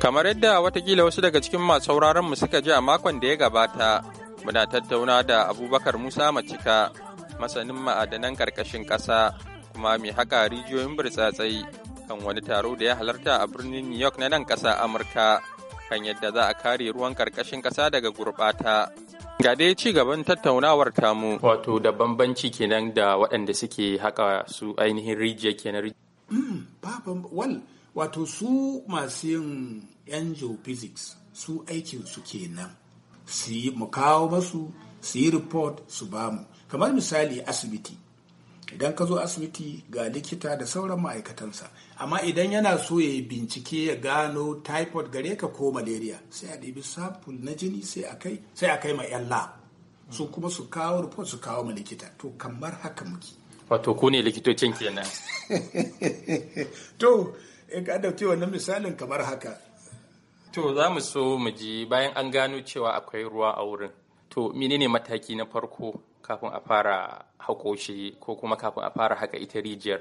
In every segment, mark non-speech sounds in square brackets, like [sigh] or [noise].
Kamar yadda watakila wasu daga cikin masu sauraron mu suka ji a makon da ya gabata, muna tattauna da Abubakar Musa Macika, masanin ma'adanan ƙarƙashin ƙasa, kuma mai haƙa rijiyoyin burtsatsai kan wani taro da ya halarta a birnin New York na nan ƙasa Amurka, kan yadda za a kare ruwan ƙarƙashin ƙasa daga gurɓata. ga dai ci gaban tattaunawar tamu wato da bambanci kenan da waɗanda suke haƙa su ainihin rijiya kenan hmm, wato su masu yin yan geophysics su aikin su kenan su yi mu kawo masu su yi report su mu kamar misali asibiti idan ka zo asibiti ga likita da sauran ma'aikatansa amma idan yana so ya yi bincike ya gano typhoid gare ka ko malaria sai a ɗibi sapul na jini sai a kai sai a ma yan lab su kuma su kawo report su kawo ma likita to kamar haka muke wato ku ne likitocin kenan [laughs] to ya ka dauke wannan misalin kamar haka to za mu so mu ji bayan an gano cewa akwai ruwa a wurin to menene mataki na farko kafin a fara haƙoshi ko kuma kafin a fara haka ita rijiyar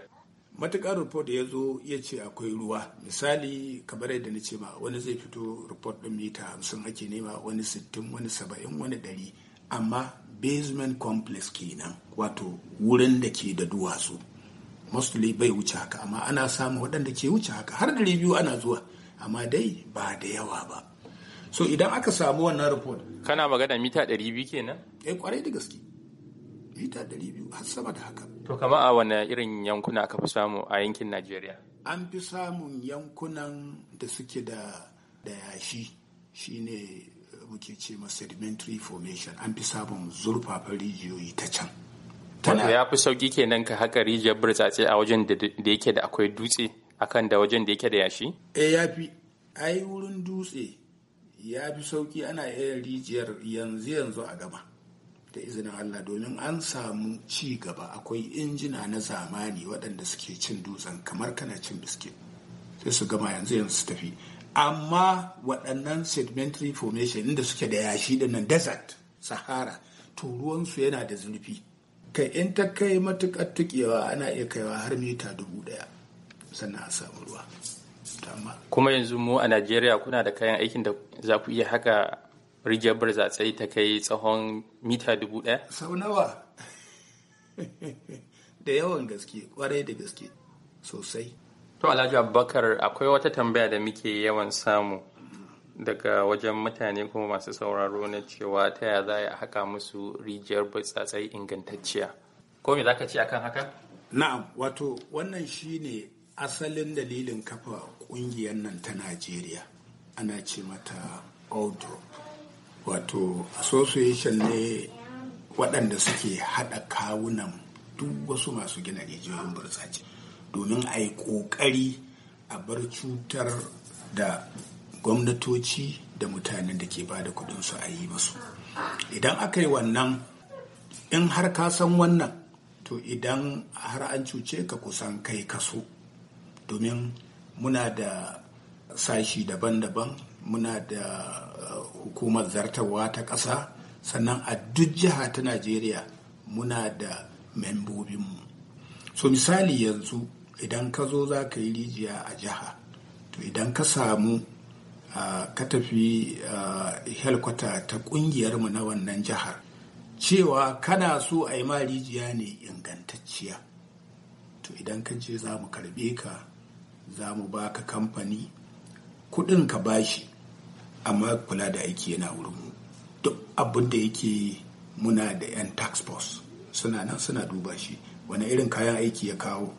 matuƙar report ya zo ya ce akwai ruwa misali kamar yadda na ce ma wani zai fito report ɗin mita hamsin ake nema wani sittin wani saba'in wani ɗari amma basement complex kenan wato wurin da ke da duwatsu mostly bai wuce haka amma ana samun waɗanda ke wuce haka har da biyu ana zuwa amma dai ba da yawa ba so idan aka samu wannan report kana magana mita 200 kenan eh kwarai da gaske mita 200 har sama da haka to kama a wani irin yankuna aka fi samu a yankin Najeriya an fi samun yankunan da suke da da yashi shine muke ce ma sedimentary formation an fi samun zurfafa rijiyoyi ta can Wato ya fi sauki kenan ka haƙa rijiyar burtsatse a wajen da yake da akwai dutse akan da wajen da yake da yashi? Eh ya fi, ai wurin dutse ya fi sauki ana iya rijiyar yanzu yanzu a gaba da izinin Allah domin an samu ci gaba akwai injina na zamani waɗanda suke cin dutsen kamar kana cin biskit sai su gama yanzu yanzu su tafi amma waɗannan sedimentary formation inda suke da yashi da nan desert sahara to ruwansu yana da zurfi kai in ta kai matuƙar tuƙewa ana iya kaiwa har mita dubu ɗaya sannan a samu ruwa kuma yanzu mu a najeriya kuna da kayan aikin da za ku iya haka rijiyar barzatsai ta kai tsawon mita dubu ɗaya sau nawa [laughs] da yawan gaske kwarai da gaske sosai to alhaji abubakar akwai wata tambaya da muke yawan samu daga wajen mutane kuma masu sauraro na cewa ta yaya za a haƙa musu rijiyar burtsatsai ingantacciya ko me za ka ce akan haka na'am wato wannan shi ne asalin dalilin kafa ƙungiyar nan ta najeriya ana ce mata Audro. wato association ne waɗanda suke haɗa kawunan duk wasu masu gina rijiyoyin burtsace domin a yi ƙoƙari a bar cutar da gwamnatoci da mutanen da ke bada kudin su a yi musu idan aka yi wannan in har ka san wannan to idan har an cuce ka kusan kai kaso domin muna da sashi daban-daban muna da eh, hukumar zartarwa ta ƙasa sannan a duk jiha ta najeriya muna da membobinmu so misali yanzu idan ka zo za ka yi rijiya a jiha to idan ka samu ka tafi helkwata ta mu na wannan jihar cewa kana so a yi ma ne ingantacciya to idan ka je za mu karbe ka za mu ba ka kamfani kudin ka bashi amma kula da aiki yana wurinmu duk abin da yake muna da 'yan tax force suna nan suna duba shi wani irin kayan aiki ya kawo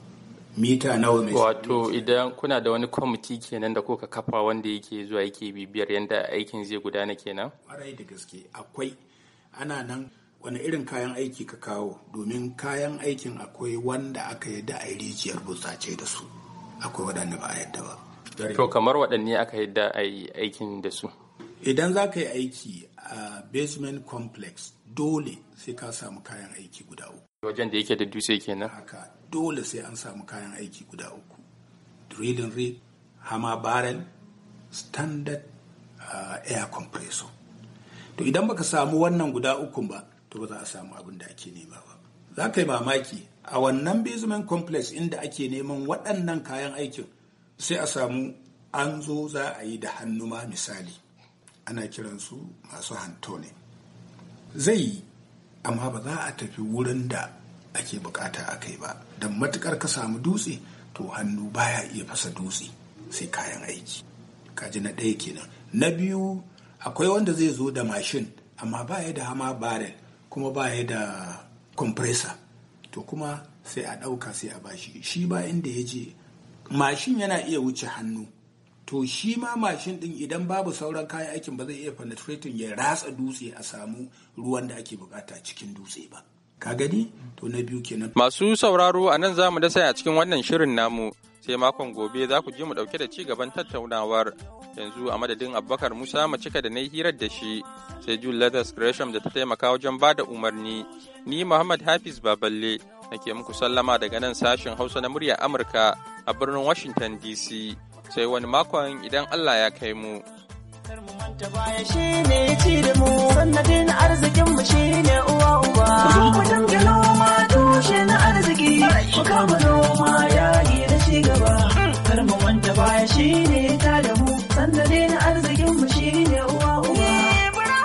mita nawa mai wato idan kuna da wani kwamiti kenan da kuka kafa wanda yake zuwa yake bibiyar yadda aikin zai gudana kenan ƙwarai da gaske akwai ana nan wani irin kayan aiki ka kawo domin kayan aikin akwai wanda aka yadda a rijiyar burtsace da su akwai waɗanda ba yadda ba to kamar waɗanne aka yadda a aikin da su idan za ka yi aiki a basement complex dole sai ka samu kayan aiki guda uku wajen da yake da dutse kenan haka dole sai an samu kayan aiki guda uku drilling rig hama barrel standard uh, air compressor to idan baka samu wannan guda uku ba to ba za a samu abin da ake nema ba za ka yi mamaki a wannan basement complex inda ake neman waɗannan kayan aikin sai a samu an zo za a yi da hannu ma misali ana kiransu masu hanto ne zai yi amma ba za a tafi wurin da ake bukata a kai ba don matukar ka samu dutse to hannu baya iya fasa dutse sai kayan aiki kaji na ɗaya kenan na biyu akwai wanda zai zo da mashin amma baya da hama barel kuma baya da compressor to kuma sai a ɗauka sai a bashi shi ba inda ya je mashin yana iya wuce hannu to shi ma mashin din idan babu sauran kayan aikin ba zai iya penetrating ya ratsa dutse a samu ruwan da ake bukata cikin dutse ba ka gani to na biyu kenan masu sauraro a nan zamu da sai a cikin wannan shirin namu sai makon gobe za ku ji mu dauke da ci gaban tattaunawar yanzu a madadin abubakar musa cika da na hirar da shi sai jun Letters gresham da ta taimaka wajen ba da umarni ni muhammad hafiz baballe nake muku sallama daga nan sashen hausa na murya amurka a birnin washington dc sai wani makon idan Allah ya kai mu. Kar mu manta baya shi ne ci da mu, sannadin arzikinmu shi ne